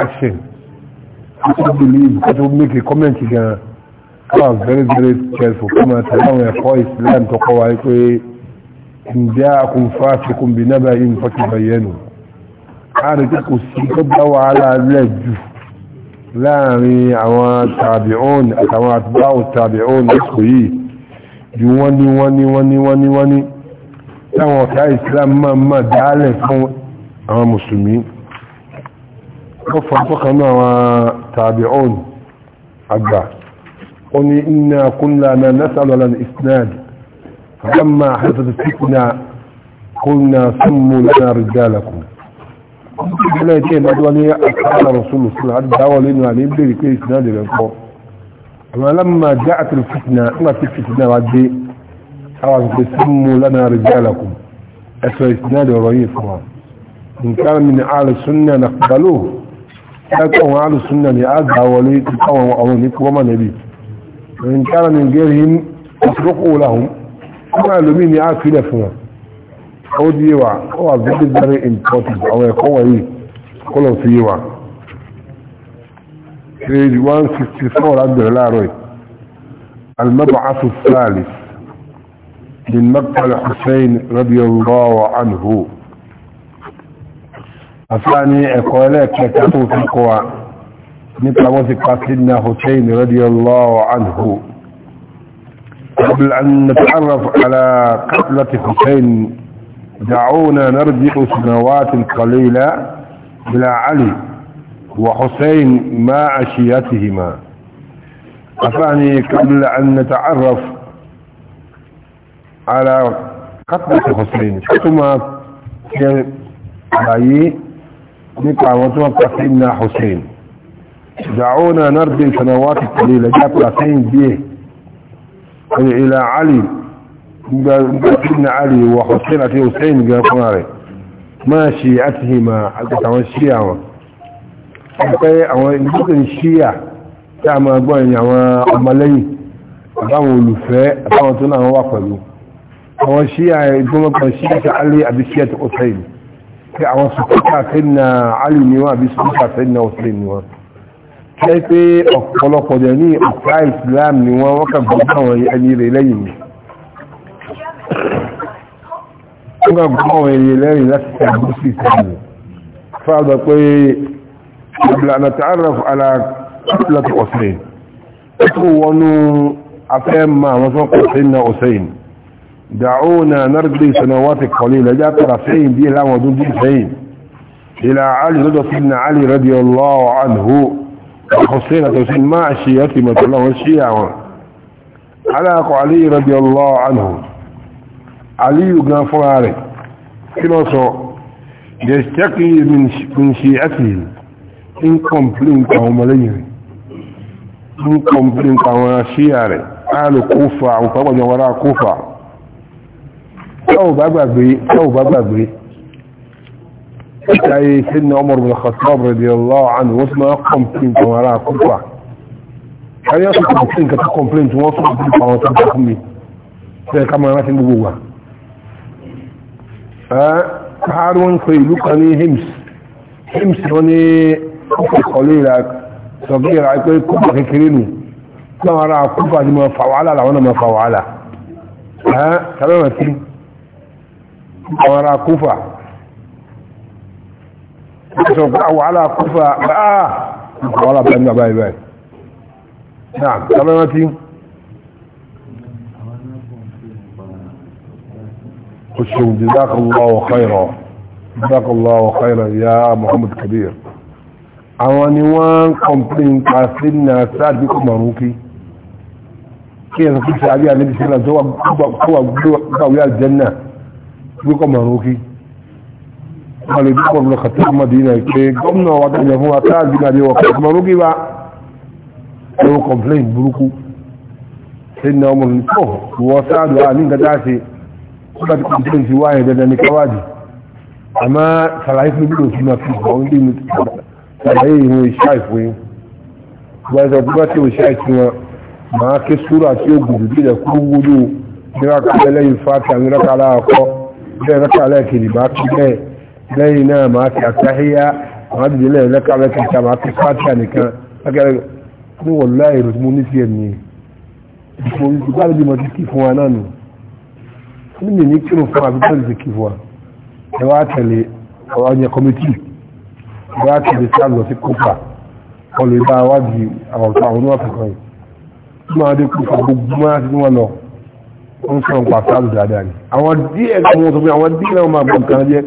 action kó tó believe kó tó make a comment gan kó wà very very careful Come kó máa tẹ̀lé àwọn ẹ̀kọ́ Islam tó kọ́ wa pé ǹjẹ́ akùnfà ṣekùn bí nábà yìí nǹkan ti bẹ̀yẹ̀ nù a you pé kò sí tó bá wàhálà lẹ̀ jù láàrin àwọn tàbíọ́n àtàwọn àtibáwò tàbíọ́n lẹ́kọ̀ọ́ yìí ju wọ́n ní wọ́n ní wọ́n ní wọ́n ní wọ́n ní táwọn ọ̀tá Islam máa máa dálẹ̀ fún àwọn mùsùlùmí وفقنا وتابعون عبا قل إنا كنا ما نسأل على فلما حدثت الفتنة قلنا سموا لنا رجالكم أدواني رسول صلى الله عليه وسلم دعوة لنا عليه بلي إسناد ولما جاءت الفتنة ما في الفتنة بعد أعرف سموا لنا رجالكم أسوأ إسناد ورئيس إن كان من أعلى السنة نقبلوه كان أهل السنة لأدها ولي تقوى وأولي كرما نبي وإن كان من غيرهم أصدقوا لهم أما لمين يعافي لفنا أود ديوا هو أبدي الزري important أو يقوى إيه قولوا سيوا page 164 عبد الله روي المبعث الثالث من مقتل حسين رضي الله عنه أفاني ekole keta في القوى ko wa سيدنا حسين رضي الله عنه قبل أن نتعرف على قتلة حسين دعونا نرجع سنوات قليلة إلى علي وحسين ما عشيتهما أفاني قبل أن نتعرف على قتلة حسين كما كان nípa àwọn tí wọ́n pàṣẹ دعونا نرجع سنوات قليلة جاءت لسين بيه إلى علي سيدنا علي وحسين أتي حسين قال قماري ما شيعتهما أتوان الشيعة أتي أوان يمكن الشيعة تعمل أبوان يعمل أمالين àbáwọn olùfẹ́ àbáwọn tó náà wà pẹ̀lú àwọn ṣíyà ìgbọ́mọ̀kan ṣíyà àlè àbíṣíyà tó pé àwọn sùkúta sẹ́nà alì ni wọ́n àbí sùkúta sẹ́nà ọ̀sẹ̀ ni wọ́n kẹ́ pé ọ̀pọ̀lọpọ̀ jẹ́ ní ọ̀pá islam ni wọ́n wọ́n kàn gbọ́n àwọn ẹni rẹ̀ lẹ́yìn mi wọ́n kàn àwọn ẹni دعونا نرجع سنوات قليلة جاء طرفين بيه لهم ودون جيسين إلى علي رضا سيدنا علي رضي الله عنه وحسين توسين مع الشيعة ما الله والشيعة على علي رضي الله عنه علي بن فارق كنصو يشتكي من من شيعته إن كومبلين كهم ليه إن كومبلين كهم شيعة أهل كوفة وطبعا وراء كوفة táwọn bá gbàgbé táwọn bá gbàgbé ṣáyé sínú Umar bin Khattab radiyallahu anhu wọ́n ti máa kọ́mplín kan ara kúpa ayé ọ̀sán kò sí nǹkan tó kọ́mplín tí wọ́n fún mi àwọn tó bá fún mi ṣe ká máa rántí gbogbo wa. káàrí wọn pe ìlú kan ní hims hims wọn ní kọ́kọ́ kọ́lé ra sọ̀bí ra pé kúpa kékeré nù láwọn ará kúpa ni wàhálà làwọn náà mo fà wàhálà àwọn ará kúfà sọ pé àwọn ará kúfà báà nǹkan wọ́n lábẹ́ nígbà báyìí báyìí náà tọ́lọ́ rántí kò ṣe jazakallahu khairan jazakallahu khairan ya Muhammad Kabir àwọn ni wọ́n ń kọ̀mplín pàṣẹ ní àṣáàdì kò mọ̀rún kí kí ẹ̀sùn kí ṣe àbí àníbi sílẹ̀ tó wà gbáwé àjẹ́ náà gbókọ̀ mọ̀rọ̀kí alè gbókọ̀ lọ kàtà mọ̀dínà pé gómìnà wà dájọ fún àtàzí nàbí wọ̀ kàtà mọ̀rọ̀kí bá ẹwọ kọ̀mplain burúkú ṣe na ọmọ nìkọ̀ wọ sáàdù à ní gàdá ṣe ó bá ti kọ̀mplain ti wáyé dandan ní káwájì àmá sàlàyé fún bílò sí máa fi bọ̀ ń dé ní sàlàyé ìwọ̀n iṣẹ́ ìfún yín wọ́n sọ bí wọ́n ti iṣẹ́ ìfún wọn máa ké súrà tí ó gùn jù bí ilẹ̀ bẹ́ẹ̀ rẹ́kà lẹ́ẹ̀kejì máa kí bẹ́ẹ̀ lẹ́yìn náà máa kí àtàhíyá máa dìde lẹ́yìn rẹ́kà lẹ́ẹ̀kẹta máa kí fátíà nìkan lẹ́kẹ̀rẹ́ ní wọ̀n láì rò tí mo ní sí ẹ̀ nìyẹn ìfò ìgbà lóbi mo ti kí fún wa náà nù ní mi ní kírun fún àbí bẹ́ẹ̀ ti kí fún wa ẹ wá tẹ̀lé ọ̀rọ̀ yẹn kọ́mítì ẹ wá sí àlọ́ sí ó ń sọ̀rọ̀ pàṣẹ àlù dáadáa ni àwọn díẹ̀ kan wọ́n sọ pé àwọn díẹ̀ náà máa gbọ́n kan jẹ́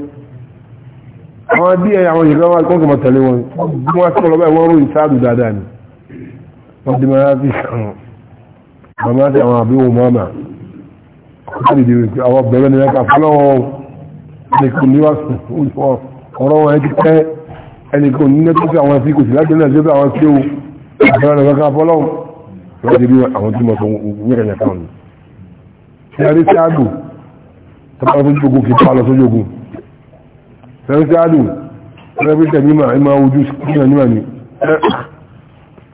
àwọn díẹ̀ àwọn yìí kan máa kọ́ kọ́mọ tẹ̀lé wọn bí wọ́n sọ̀rọ̀ báyìí wọ́n ròyìn sáàlù dáadáa ni wọ́n ti máa fi sàn màmá sí àwọn àbí òun mọ́mà wọ́n ti dèrè àwọn bẹ̀rẹ̀ ní ẹ̀ka fọlọ́wọ́n ẹnìkan ní ọ̀rọ̀ wọn ti ẹ̀rí sí àdù tàbí ojú fi pa lọ sójú ogun ẹ̀rí sí àdù ẹ̀rẹ́gbẹ́sẹ̀ níma ẹ̀mà ojú síkúrò níma ni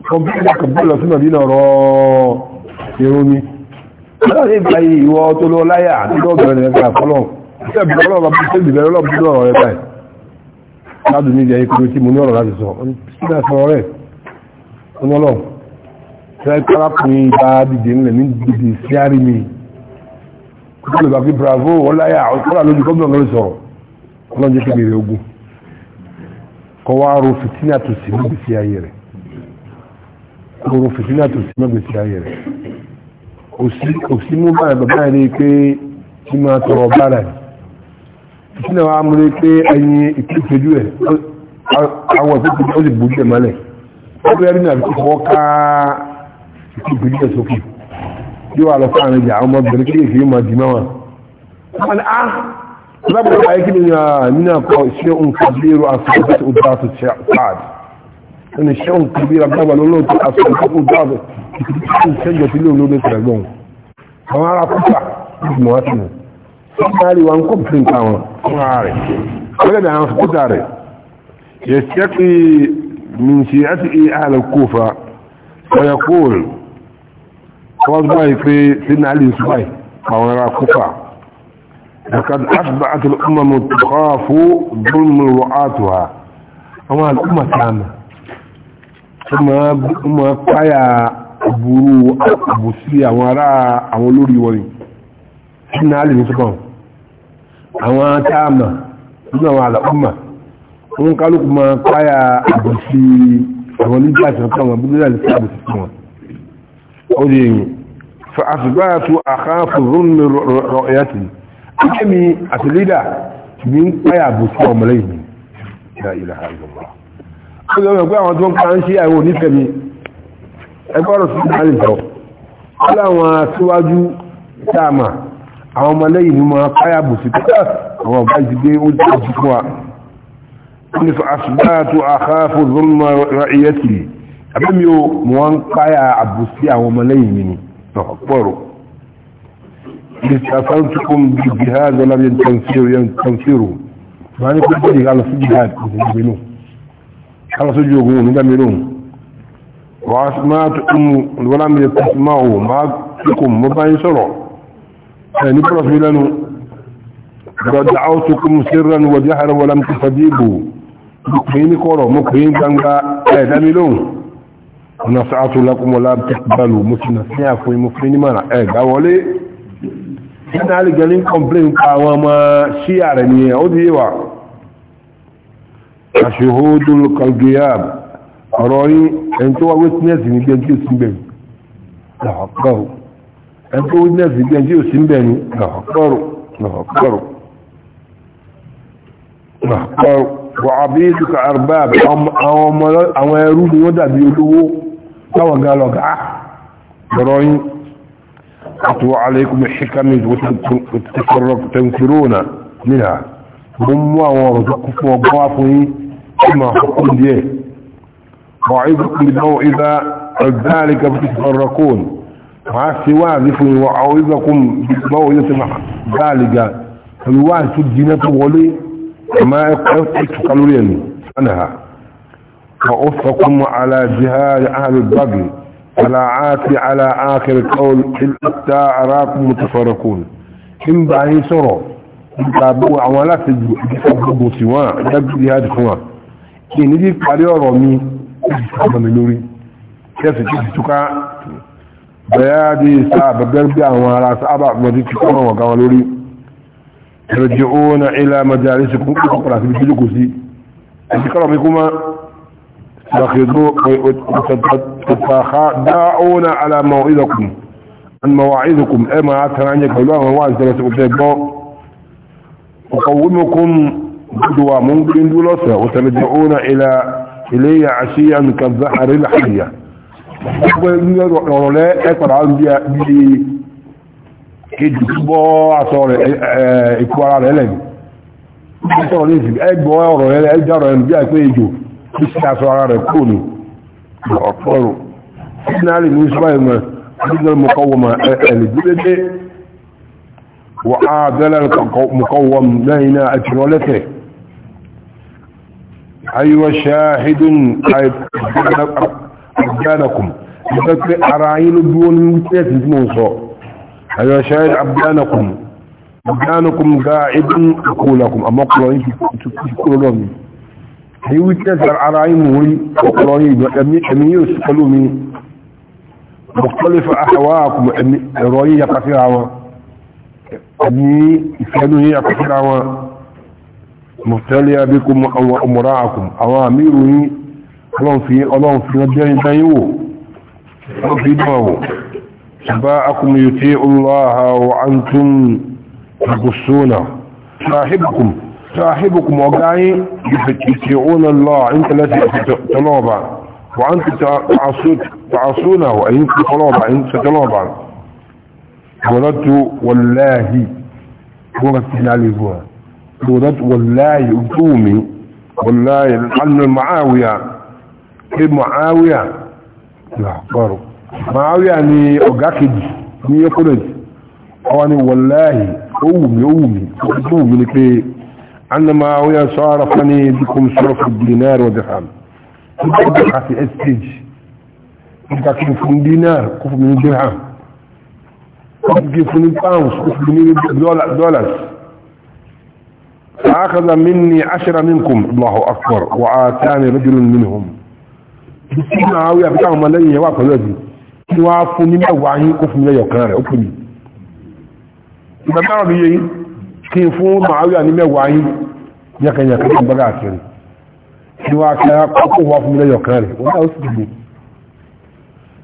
kọmpútà kàbí lọ sí màdínà rọ èrò ni láti ìgbà yìí ìwọ tó lọ láyà àtijọ́ bẹ̀rẹ̀ ẹ̀ka àfọlọ́ iṣẹ́ ìbẹ̀rẹ̀ ọlọ́ba bí iṣẹ́ ìbẹ̀rẹ̀ ọlọ́ba bí ọ̀rọ̀ rẹ̀ báyìí ládùn ní ìjẹ́ ikú tí mo ní ọ̀rọ̀ wọ́n lè bá bravo wọ́n láyà ọ̀sọ́là lójú kọ́ bẹ̀rẹ̀ sọ̀rọ̀ ọlọ́run jẹ́ kébèrè ogun kọ́ wá ro fìtínà tó sì mú gbèsè ayé rẹ̀ ro fìtínà tó sì mú gbèsè ayé rẹ̀ òsì mú báyìí bàbá yẹn ni pé kí máa tọrọ bára fìtínà wa mú pé ẹyin ìpínfẹ́jú ẹ̀ àwọn ìpínfẹ́jú ó sì gbójú ẹ̀ mọ́lẹ̀ ó bẹ́ẹ̀ rí nàbí kọ́ ká bí wà lọ sáàrin jà àwọn ọmọbìnrin kí èsì mọ̀ dì mọ́wọ́n wọn á lábùkù ayé kí ni ah, nínú ọkọ̀ ṣé ń kabiru asọ́gbàtí ọdọ́tù sáàdì ẹni ṣé ń kabiru agbábà lọ́lọ́tù asọ́gbàtì ọdọ́tù ìkìtì ṣẹ́jọ sí ilé olóògbé sẹ̀gbọ́n àwọn ará kúta ìgbìmọ̀ wá sínú sọ́kàrí wa ń kọ́ pín káwọn fún ààrẹ ọlọ́dẹ̀ àwọn kúta rẹ̀ yẹ sẹ́kì min ṣe àti ìhàlẹ̀ wọ́n gbọ́ yìí pé sínú àlè ìsúbàì àwọn ará kúfà لقد أتبعت الأمم تخاف ظلم رعاتها àwọn al'umma kama kuma kaya buru abusi àwọn ará àwọn olórí wọ̀nyí ṣína alìmí sọ́kàn àwọn kama nínú àwọn al'umma wọn kálùkù ma kaya abusi àwọn nígbàtí wọn kama bí أدين فأثبات أخاف ظلم رؤيتي أكمي أتليدا من قيا بسوم ليه لا إله إلا الله أقول لهم أقول لهم كان شيء أقول نفهمي أقول لهم سبحانه وتعالى ألا وسواجو سامع àwọn ọmọ lẹ́yìn ni wọ́n káyà bù sí pẹ́ àwọn ọ̀gá ìdígbé ó ti fún wa ní fàásùgbà tó àkáfò zọ́nà ìyẹ́tì abẹ́ mi ò mọ́ wọ́n káyà àbùsí àwọn ọmọlẹ́yìn mi ni ọ̀pọ̀rọ̀ ìsàfáǹtukùn bí jihad ọlábíyàn tàǹfìrò yẹn tàǹfìrò máa ní kúrò bọ́dì alọ́sí jihad ìgbìmínú alọ́sí ojú ogun nígbà mìíràn wà á máa tún wọ́n lámì ẹ̀kọ́ sí máa ò máa tukùn mọ́ bá yín sọ̀rọ̀ ẹ̀ ní pọ́lọ́sí mi lẹ́nu gbọ́dọ̀ àwọ̀tukùn kìí ní kọ̀rọ̀ mo kìí gbangba ẹ̀ẹ́dá mi ونسعت لكم ولا تقبلوا متنسيا في مفرين مانا ايه قاولي انا علي قالين كومبلين قاوما شيعر ميه ودي وا شهود القلقياب روي انتوا ويتنس من جنجي سنبين لا حقه انتوا ويتنس من جنجي سنبين لا حقه لا حقه لا حقه وعبيدك ارباب او ما او ما يروني ودا بيقولوا كوا قالوا قاع بروين أتوا عليكم الحكم وتتكرك تنكرون منها هم ورزقكم وضعفه كما حكم ديه وعيدكم بالموعظة ذلك بتتفرقون مع سوى ذفن وعوذكم بالموعظة ذلك فالواحد سجنة ولي ما يقعد تقلوا لي أنها وأفقكم على جهاد أهل البغي على عاتي على آخر القول حتى أراكم متفرقون إن بعي سرع تابعوا عمالات تجبوا سواء تجبوا جهاد سواء إن دي قال يرمي تجبوا ملوري كيف تجبتك بيادي سعب قلبي عمالا سعب مدي تكون وقالوري يرجعون إلى مجالسكم كيف تجبوا سي أتكرمكم تتخاءون على موعدكم عن مواعيدكم اما عاتنا عنك الله وواعد ثلاثة أفاق أقومكم بدوا ممكن دولسة وترجعون إلى إلي عشيا كالزحر الحية ولا أكبر عن بي كجبوا عصار إكوار على الهلم أكبر عن بي أكبر عن بي أكبر عن بي أكبر عن بي kí aṣọ ara rẹ̀ kú ni ọ̀pọ̀rọ̀ náà lè mú ìṣúra ìmọ̀ àdúgbò mọ̀kọ́wọ́mọ̀ ẹ̀lẹ́gbẹ́lẹ́gbẹ́ wọ́n á bẹ́lẹ̀ mọ̀kọ́wọ́m lẹ́yìn náà àti rọ́lẹ́tẹ̀ ayíwá ṣáhídùn àbdánakùn nígbà pé ara yín ló dúró ní wítẹ́ẹ̀tì tí mo sọ ayíwá ṣáhídùn àbdánakùn àbdánakùn gáà ìdún àkólakùn àmọ́kùnrin tí kúrò lọ́mìí هي ويتنزع العرائم وهي وقلوني بأمي حمي يوسف قلومي مختلف أحواكم رؤية قصيرة أمي إفادوا هي قصيرة مختلية بكم وأمراءكم أواميره أولون في أولون في الدين بيوه أولون في دماغه سباءكم يتيع الله وأنتم تقصونه صاحبكم صاحبكم وقعي يفتعون الله انت الذي تلوبا وانت تعصونه اي انت تلوبا انت تلوبا ولدت والله ورثنا لبوها ولدت والله اتومي والله عن المعاوية ايه معاوية لا اخبروا معاوية يعني اقاكد مية قلت اواني والله اومي اومي اومي لكي أن معاوية شارفني بكم شرف الدينار ودرهم تبقى في استيج تبقى في دينار كف من درهم في باونس كف من دولار فأخذ مني عشرة منكم الله أكبر وآتاني رجل منهم بسيما معاوية بتاعهم الذي يواقع الذي يوافوا من أوعين كف من يوكار أكمي ما تعرف يجيب kí n fún màáwíà ní mẹ́wàá yìí yẹ́kẹ̀yẹ̀kẹ́ tó ń bá káàkiri kí wá kẹ́ra kọ́kọ́ wá fún lẹ́yọ̀ kan rẹ̀ wọ́n náà ó sì dìbò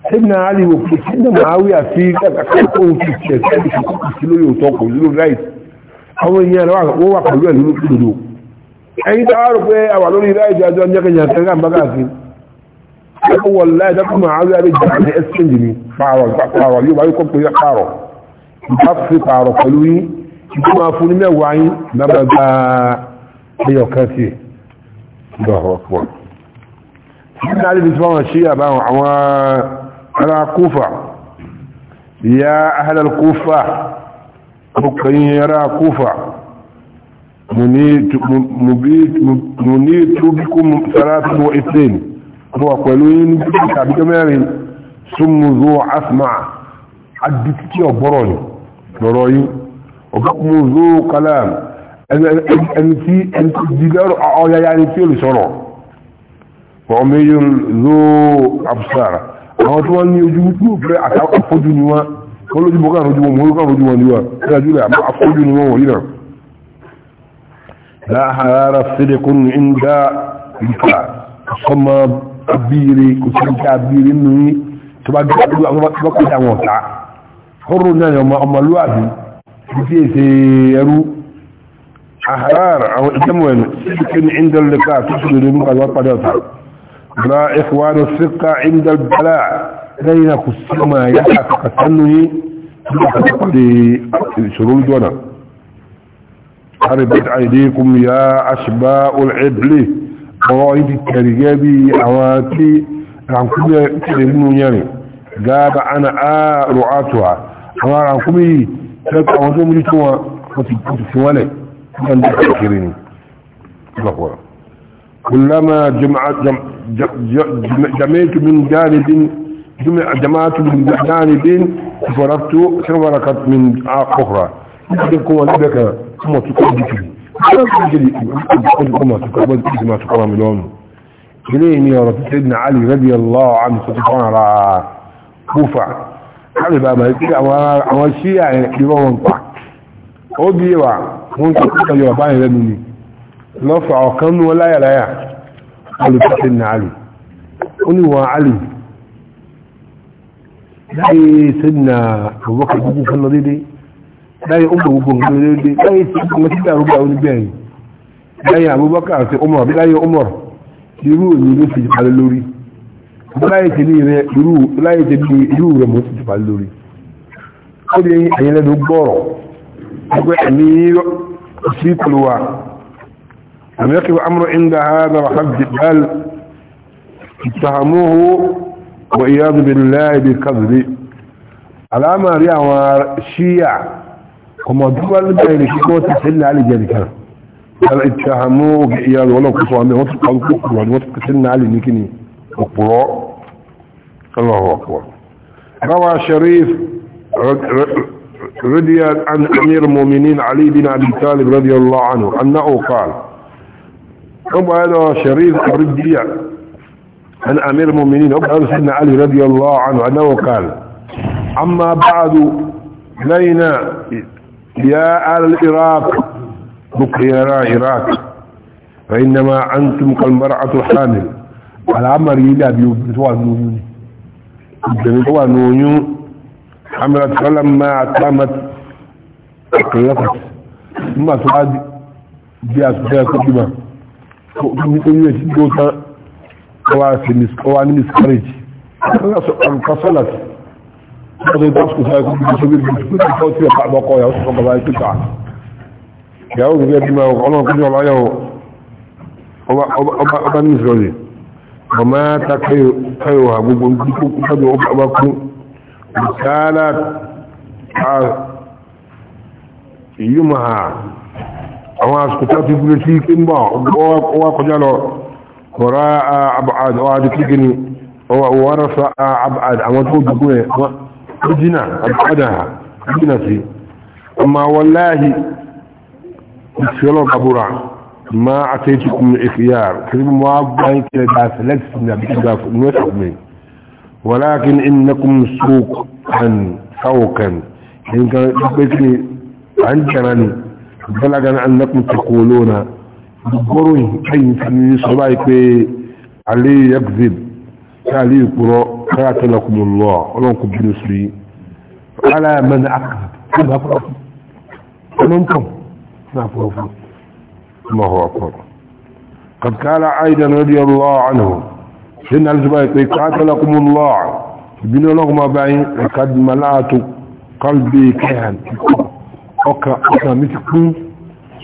sẹ́gbìnà àríwò pé kí ní màáwíà sí kẹ́kọ̀ọ́ ti tẹ̀ sẹ́gbì kọ́kọ́ sí lórí òótọ́ kò lílo láì àwọn èèyàn rẹ̀ wọ́n wà pẹ̀lú ẹ̀lú lódodo ẹ̀yin tá a rò pé àwà lórí pààrọ̀ yóò bá kọ́ pé pààrọ̀ pẹ̀lú yín tí máa fún ní mẹ́wàá yín lábẹ́ gba ẹyọ sí lọ́wọ́ ṣe àbáwọn àwọn ará kúfà ya ahalar kúfà ọkùnrin ará kúfà mo ní túbíkú sàrátù wọ ìsìn bọ́ pẹ̀lú yín tàbí mẹ́rin zuwa asma ọ̀gákùn mú ló kalam ẹni tí ẹni tí dìgẹ́rọ ọ̀yáyá ni tí olùsọ̀rọ̀ wọ́n mẹ́yìn ló absar àwọn tí wọ́n ní ojú wípé pé àfọ́jú ni wọ́n wọ́n lójú bọ́ káàrùn ojú wọn mọ́ káàrùn ojú wọn ni wọ́n tẹ́lá jùlọ àmọ́ àfọ́jú ni wọ́n wọ̀nyí náà láhàárá sídẹ̀kùn ń dá ìfà sọmọ abíire kò sí ìjà abíire nù yí tó bá gbé àwọn ọ̀tá ọrùn náà ọmọlúwàbí في سيرو أحرار أو إتموين سلك عند اللقاء تسجد لمقى الوطن لا إخوان الثقة عند البلاء لينا ما يحق تسنه لشرور دونا حربت عيديكم يا أشباء العبل قواعد الترجابي أواتي عن كل كلمة يعني قاب أنا آه رعاتها أنا عن كل tẹ́lẹ̀kọ́ àwọn tó múlí tó wọn wọ́n ti fi wọ́n lẹ̀ wọ́n dẹ̀ kiri ni lọ́pọ̀ kùlámà jamaitu min janibin jama'atu min janibin faraftu shawarakat min akhra da kuma da ka kuma su kuma dikiri kuma su kuma kuma su kuma su kuma su kuma milon ilé ni ọ̀rọ̀ tí sayyidina ali radiyallahu anhu sọ ti kọ́nà ra kufa káàlì bàbá tí àwọn sí ìrọ̀ wọn pa ó bí wà wọ́n tó kí ọjọ́ bàbá yẹn lẹ́nu ni lọ́fà ọ̀kan nú láyàláyà alùpàtẹ́ ní àlì ó ní wọn àlì láyé sẹ́dínà àwọ́kà gbogbo kan lọ dédé láyé ó gbogbo kan lọ dédé láyé tí wọ́n ti dàrú bá oníbẹ̀rẹ̀ láyé Abubakar àti Umar láyé Umar irú òní ló fi jẹ́ lórí láyé tẹ̀lé rẹ̀ irú láyé tẹ̀lé irú rẹ̀ mo ti pa lórí ó lè ẹ̀yìn lẹ́nu gbọ́rọ̀ ẹgbẹ́ ẹ̀mí sí kọlùwà àmì ẹ̀kẹ́ amúrò ẹ̀ńdà hàdà wà hàbì jẹ́bẹ́l ìtàhàmúhù wà ìyáàdù bí láyé bí kàzùrí alámà rí àwọn ṣíyà kọmọ dúwà lẹ́bẹ̀ẹ́ rẹ̀ kíkọ́ ti tẹ̀lé àlejẹ̀ nìkan ìtàhàmúhù bí ìyáàdù wọ́n lọ́kùsọ̀ àmì wọ́n ti kọ́ القراء الله أكبر روى شريف رضي عن أمير المؤمنين علي بن أبي طالب رضي الله عنه أنه قال أبو هذا شريف رضي عن أمير المؤمنين أبو سيدنا علي رضي الله عنه أنه قال أما بعد لينا يا أهل العراق بقيرا العراق فإنما أنتم كالمرأة الحامل alamari yìí dàbí obìnrin tó wà ní oyún ni obìnrin tó wà ní oyún amira tọ́lá máa àtàmà àkàlẹ́kọ̀ọ́ nígbà tó wá bí àtúntẹ́ ẹ̀kọ́ bímọ tó ní oyún ẹ̀sìn tó tán ó wá ní miscarriage alukasọ́lá tí wọ́n tó dáṣkù sáré kó bí sóbi bí sóbi bí sọ́ọ́ tí ọ̀pá àbọ̀kọ́ ìyàwó وما تقيها ببنكم قد أبقوا رسالة يمها àwọn asùkútà ti gúrò sí kí ń bọ̀ wá kọjá lọ kọ̀rá àbáàdì wá di kíkì ni wọ́n rọ́sọ àbáàdì àwọn tó dùgbò ẹ̀ tó jìnà àbáàdì ma a ta yi cikin ikiyar kuma ma bayan kira da select na bikin da ku nuna su mai walakin in na kun kan saukan in ga ɗabbaki ne a hankara ne an na kun ta kolo na dubbarun kan kan yi su ba ikpe aliyu ya gzib ta aliyu kuro kara ta na kuma lọ ọlọrun ku bin su yi ala mana aka kan na kuma kan na kuma kuma الله أكبر قد قال أيضا رضي الله عنه سيدنا الزبير قاتلكم الله بن لغم بعين قد ملأت قلبي كهن أكا أكا متكون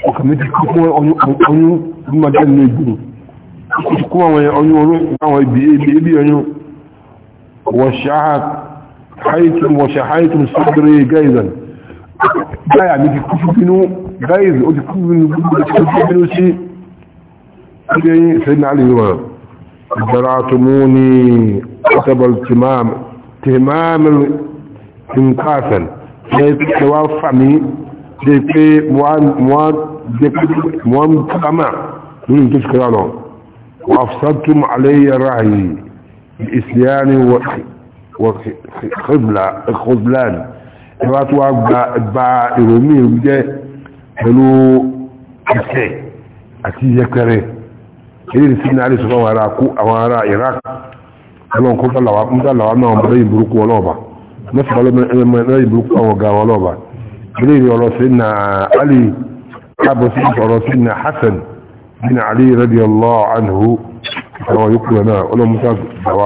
أكا متكون أنيو أنيو ثم جل يجون كما ويأنيو أنيو بيبي بي أنيو وشعت حيتم وشحيتم صدري جيدا لا يعني بنو báyìí ó ti kú nínú gbogbo sí ilé sẹ́yìn àlèyìnwá ìgbàrá tó mú ní ọ̀sẹ̀bọ̀l tìmáàmì tìmkáàfẹ̀l ṣe ti wá fàmí jẹ́ pé wọ́n kama lórí tó ṣùkọ́ lọ وأفسدتم علي رأيي الإسلام وخذلان ìwà tó wá gba ìròmí ìròmí pẹ̀lú ẹ̀kẹ́ àti yẹpẹrẹ èyí sí ní àrísọ́ àwọn ará kú àwọn ará Iraq ọlọ́run kó dálàwà náà ọmọ lẹ́yìn burúkú ọlọ́ọ̀bà mẹ́sàn-án lẹ́yìn burúkú àwọn ọ̀gá wọn ọlọ́ọ̀bà ilé ìrìn ọ̀rọ̀ sí na Ali kábọ̀ sí ọ̀rọ̀ sí na Hassan bin Ali radiyallahu anhu àwọn yòókù náà ọlọ́run musa dàwà